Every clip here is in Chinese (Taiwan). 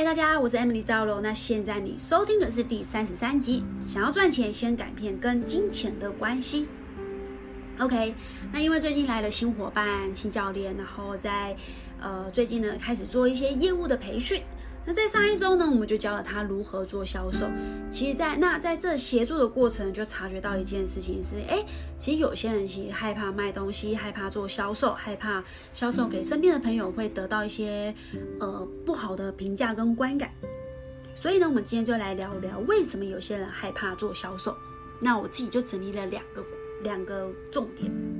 嗨，大家，我是 Emily 趙羅。那現在你收聽的是第三十三集，想要賺錢，先改變跟金錢的關係。OK，那因為最近來了新夥伴、新教練，然後在呃最近呢開始做一些業務的培訓。那在上一周呢，我們就教了他如何做銷售。其實在，在那在這協助的過程，就察覺到一件事情是，哎、欸，其實有些人其實害怕賣東西，害怕做銷售，害怕銷售給身邊的朋友會得到一些呃不好的評價跟觀感。所以呢，我們今天就來聊一聊為什麼有些人害怕做銷售。那我自己就整理了兩個兩個重點。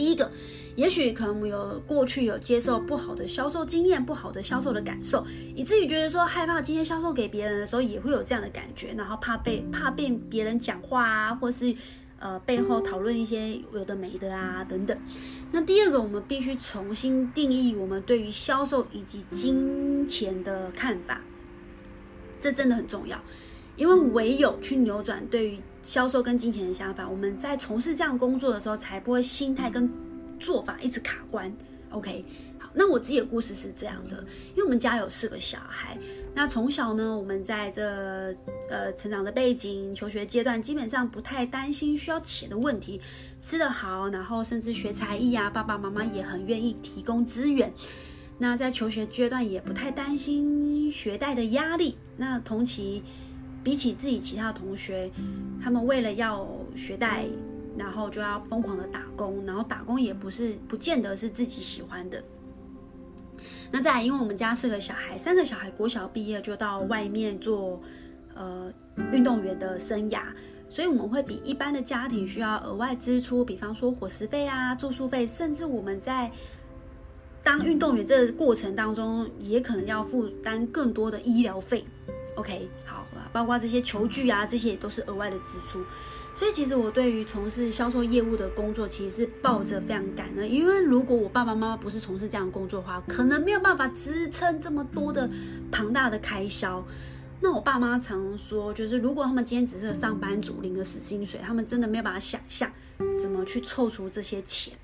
第一個，也許可能有過去有接受不好的銷售經驗，不好的銷售的感受，以至於覺得說害怕今天銷售給別人的時候也會有這樣的感覺，然後怕被怕被別人講話啊，或是呃背後討論一些有的沒的啊等等。那第二個，我們必須重新定義我們對於銷售以及金錢的看法，這真的很重要。因為唯有去扭轉對於銷售跟金錢的想法，我們在從事這樣工作的時候，才不會心態跟做法一直卡關。OK，好，那我自己的故事是這樣的，因為我們家有四個小孩，那從小呢，我們在這呃成長的背景、求學階段，基本上不太擔心需要錢的問題，吃得好，然後甚至學才藝呀、啊，爸爸媽媽也很願意提供資源。那在求學階段也不太擔心學貸的壓力。那同期。比起自己其他同學，他們為了要學貸，然後就要瘋狂的打工，然後打工也不是不見得是自己喜歡的。那再來，因為我們家四個小孩，三個小孩國小畢業就到外面做呃運動員的生涯，所以我們會比一般的家庭需要額外支出，比方說伙食費啊、住宿費，甚至我們在當運動員這個過程當中，也可能要負擔更多的醫療費。OK，好。包括這些球具啊，這些也都是額外的支出，所以其實我對於從事銷售業務的工作，其實是抱着非常感恩。因為如果我爸爸媽媽不是從事這樣的工作的話，可能沒有辦法支撐這麼多的龐大的開銷。那我爸媽常說，就是如果他們今天只是上班族，領個死薪水，他們真的沒有辦法想象怎麼去湊出這些錢。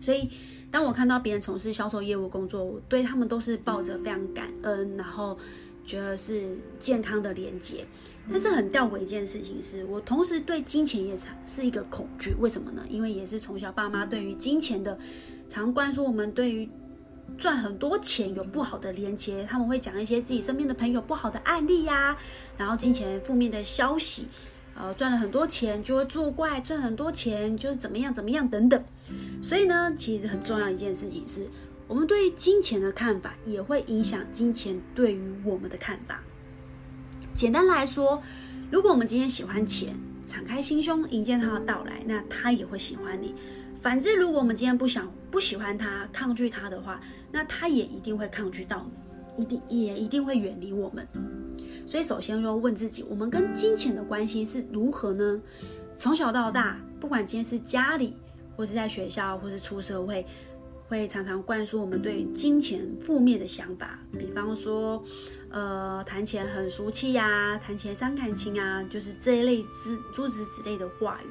所以當我看到別人從事銷售業務工作，我對他們都是抱着非常感恩，然後。覺得是健康的連接，但是很弔詭一件事情是，是我同時對金錢也是一個恐懼，為什麼呢？因為也是從小爸媽對於金錢的常灌輸，我們對於賺很多錢有不好的連接，他們會講一些自己身邊的朋友不好的案例呀、啊，然後金錢負面的消息，呃、啊，賺了很多錢就會作怪，賺很多錢就是怎麼樣怎麼樣等等，所以呢，其實很重要一件事情是。我們對於金錢的看法也會影響金錢對於我們的看法。簡單來說，如果我們今天喜歡錢，敞開心胸迎接他的到來，那他也會喜歡你。反之，如果我們今天不想、不喜歡他，抗拒他的話，那他也一定會抗拒到你，一定也一定會遠離我們。所以，首先要問自己，我們跟金錢的關係是如何呢？從小到大，不管今天是家裡，或是在學校，或是出社會。會常常灌輸我們對金錢負面的想法，比方說，呃，談錢很俗氣呀，談錢傷感情啊，就是這一類之諸子之類的話語。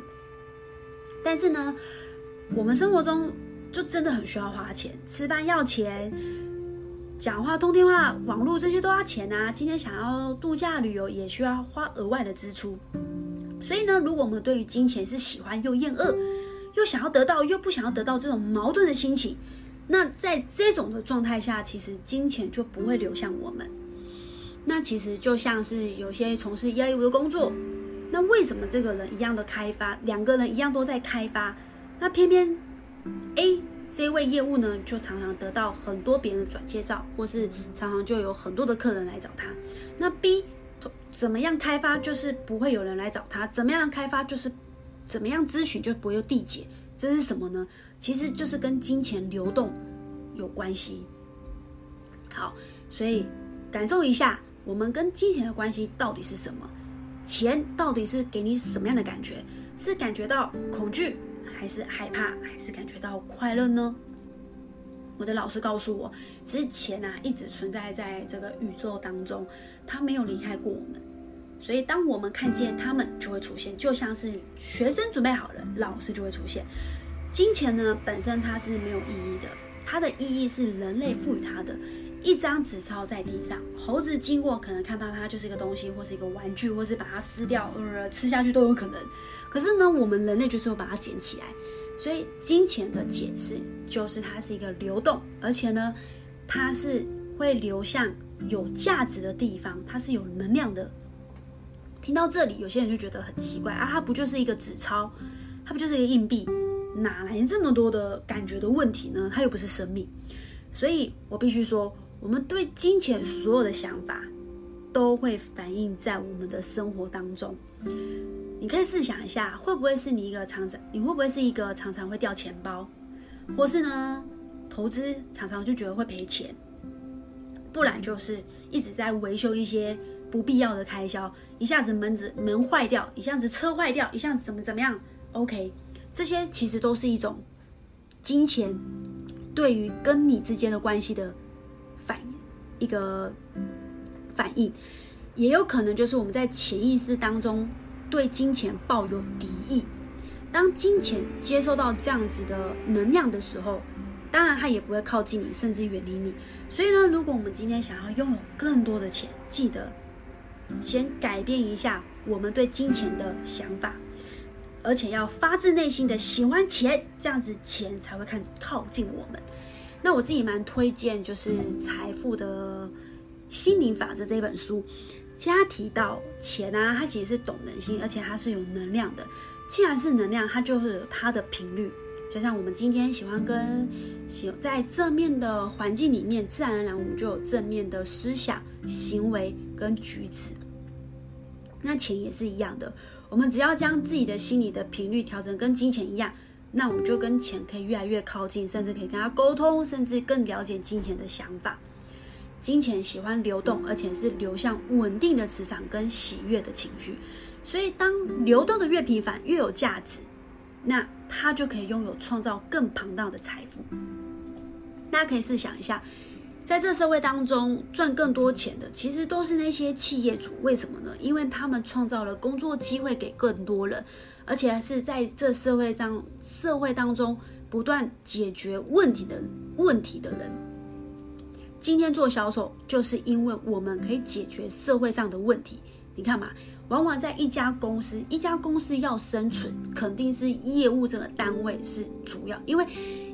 但是呢，我們生活中就真的很需要花錢，吃飯要錢，講話通電話、網絡這些都要錢啊。今天想要度假旅遊，也需要花額外的支出。所以呢，如果我們對於金錢是喜歡又厭惡，又想要得到，又不想要得到，這種矛盾的心情，那在這種的狀態下，其實金錢就不會流向我們。那其實就像是有些從事業務的工作，那為什麼這個人一樣的開發，兩個人一樣都在開發，那偏偏 A 這位業務呢，就常常得到很多別人的轉介紹，或是常常就有很多的客人來找他。那 B 怎麼樣開發就是不會有人來找他，怎麼樣開發就是。怎麼樣諮詢就不會有締結？這是什麼呢？其實就是跟金錢流動有關係。好，所以感受一下，我們跟金錢的關係到底是什麼？錢到底是給你什麼樣的感覺？是感覺到恐懼，還是害怕，還是感覺到快樂呢？我的老師告訴我，其實錢啊一直存在在這個宇宙當中，它沒有離開過我們。所以，當我們看見他們，就會出現，就像是學生準備好了，老師就會出現。金錢呢，本身它是沒有意義的，它的意義是人類賦予它的。一張紙鈔在地上，猴子經過可能看到它就是一個東西，或是一個玩具，或是把它撕掉，呃，吃下去都有可能。可是呢，我們人類就是會把它撿起來。所以，金錢的解釋就是它是一個流動，而且呢，它是會流向有價值的地方，它是有能量的。聽到這裡，有些人就覺得很奇怪啊，它不就是一個紙鈔，它不就是一個硬幣，哪來這麼多的感覺的問題呢？它又不是生命，所以我必須說，我們對金錢所有的想法，都會反映在我們的生活當中。你可以試想一下，會不會是你一個常常，你會不會是一個常常會掉錢包，或是呢投資常常就覺得會賠錢，不然就是一直在維修一些。不必要的開銷，一下子門子門壞掉，一下子車壞掉，一下子怎麼怎麼樣？OK，這些其實都是一種金錢對於跟你之間的關係的反一個反應，也有可能就是我們在潛意識當中對金錢抱有敵意。當金錢接受到這樣子的能量的時候，當然它也不會靠近你，甚至遠離你。所以呢，如果我們今天想要擁有更多的錢，記得。先改變一下我們對金錢的想法，而且要發自內心的喜歡錢，這樣子錢才會看靠近我們。那我自己蠻推薦就是《財富的心靈法則》這一本書，加提到錢呢、啊，它其實是懂人心，而且它是有能量的。既然是能量，它就會有它的頻率。就像我們今天喜歡跟喜在正面的環境裡面，自然而然我們就有正面的思想、行為跟舉止。那錢也是一樣的，我們只要將自己的心理的頻率調整跟金錢一樣，那我們就跟錢可以越來越靠近，甚至可以跟他溝通，甚至更了解金錢的想法。金錢喜歡流動，而且是流向穩定的磁場跟喜悅的情緒，所以當流動的越頻繁，越有價值，那它就可以擁有創造更龐大的財富。大家可以試想一下。在這社會當中賺更多錢的，其實都是那些企業主。為什麼呢？因為他們創造了工作機會給更多人，而且還是在這社會上社會當中不斷解決問題的問題的人。今天做銷售，就是因為我們可以解決社會上的問題。你看嘛。往往在一家公司，一家公司要生存，肯定是業務這個單位是主要，因為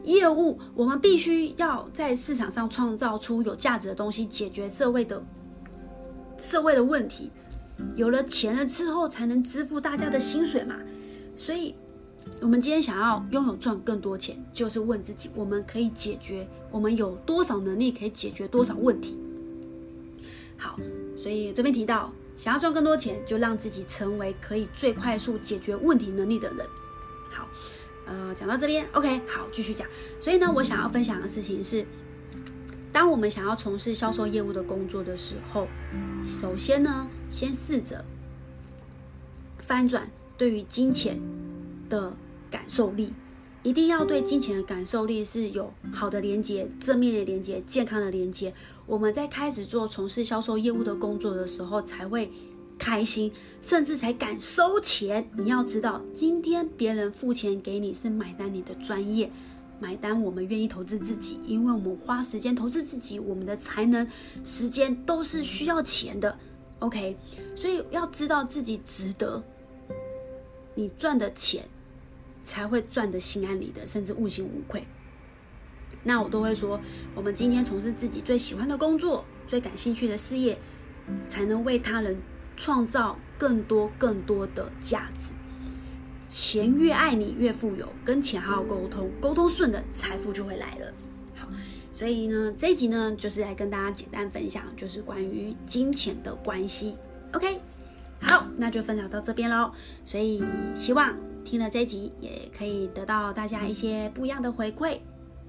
業務我們必須要在市場上創造出有價值的東西，解決社會的，社會的問題。有了錢了之後，才能支付大家的薪水嘛。所以，我們今天想要擁有賺更多錢，就是問自己，我們可以解決，我們有多少能力可以解決多少問題。好，所以這邊提到。想要賺更多錢，就讓自己成為可以最快速解決問題能力的人。好，呃，講到這邊，OK，好，繼續講。所以呢，我想要分享的事情是，當我們想要從事銷售業務的工作的時候，首先呢，先試着翻轉對於金錢的感受力。一定要對金錢的感受力是有好的連接、正面的連接、健康的連接。我們在開始做從事銷售業務的工作的時候，才會開心，甚至才敢收錢。你要知道，今天別人付錢給你是買單你的專業，買單我們願意投資自己，因為我們花時間投資自己，我們的才能、時間都是需要錢的。OK，所以要知道自己值得你賺的錢。才會賺得心安理得，甚至問心無愧。那我都會說，我們今天從事自己最喜歡的工作、最感興趣的事業，才能為他人創造更多更多的價值。錢越愛你越富有，跟錢好好溝通，溝通順的財富就會來了。好，所以呢，這一集呢，就是來跟大家簡單分享，就是關於金錢的關係。OK，好，那就分享到這邊嘍。所以希望。聽了這集，也可以得到大家一些不一樣的回饋。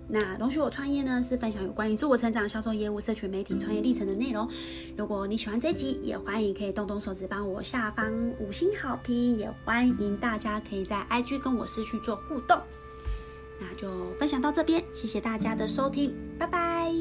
那容許我創業呢，是分享有關於自我成長、銷售業務、社群媒體、創業歷程的內容。如果你喜歡這集，也歡迎可以動動手指幫我下方五星好評，也歡迎大家可以在 IG 跟我私去做互動。那就分享到這邊，謝謝大家的收聽，拜拜。